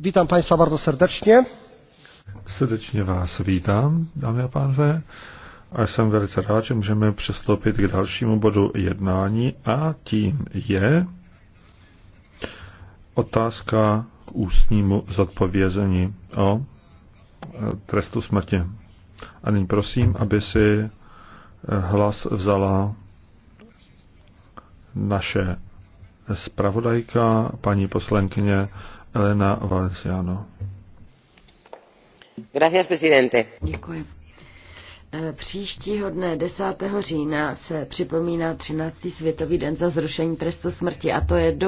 Vítám Państwa bardzo serdecznie. Serdecznie vás vítám, dámy a pánové. A jsem velice rád, že můžeme přistoupit k dalšímu bodu jednání a tím je otázka k ústnímu zodpovězení o e, trestu smrti. A nyní prosím, aby si e, hlas vzala naše zpravodajka, paní poslankyně Elena Valenciano. Gracias, presidente. Děkuji. E, příštího dne 10. října se připomíná 13. světový den za zrušení trestu smrti a to je do